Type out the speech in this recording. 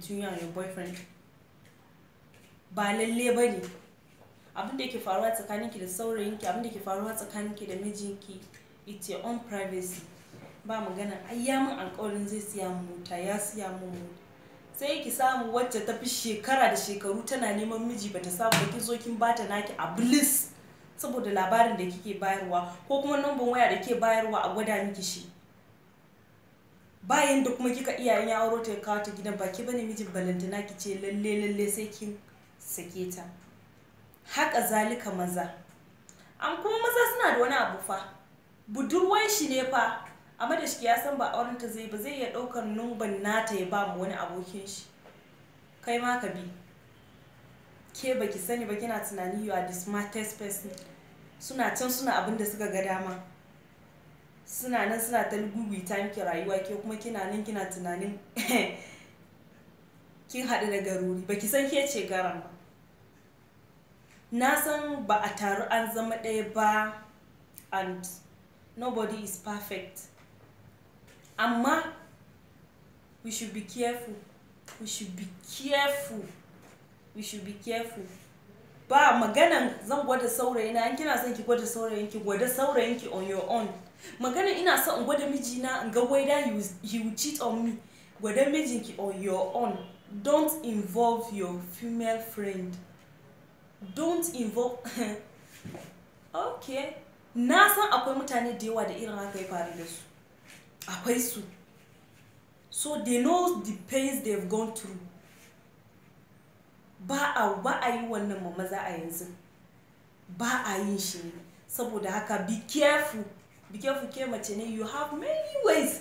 between you and your boyfriend ba lalle ba ne abin da ke faruwa tsakaninki da saurayinki abin da ke faruwa tsakaninki da mijinki it's your own privacy ba magana ai ya min alƙawarin zai siya mu mota ya siya mu sai ki samu wacce ta fi shekara da shekaru tana neman miji bata samu ba kin zo kin bata naki a bliss saboda labarin da kike bayarwa ko kuma numban waya da kike bayarwa a gwada miki shi bayan da kuma kika iyayen ya auro ta ya kawo ta gidan baki bane mijin balantana ki ce lalle lalle sai kin sake ta haka zalika maza an kuma maza suna da wani abu fa budurwan shi ne fa amma da shi ya san ba auren ta zai ba zai iya daukar numban nata ya ba mu wani abokin shi kai ma ka bi ke baki sani ba kina tunani you are the smartest person suna can suna abin da suka ga dama suna nan suna ta ta miki rayuwa ke kuma kina nan kina tunanin kin haɗu da garuri baki san ke ce garan ba na san ba a taru an zama ɗaya ba and nobody is perfect amma we should be careful we should be careful we should be careful ba maganan zan gwada saurayi na kina son ki gwada saurayin ki gwada saurayin ki on your own maganan ina son in gwada mijina in ga whether you, you cheat on me gwada mijinki on your own don't involve your female friend don't involve okay na san akwai mutane da yawa da irin haka ya faru da su akwai su so they know the pains they've gone through ba a yi wannan ma maza a yanzu ba a yi shi ne saboda haka be careful be careful ke mace ne you have many ways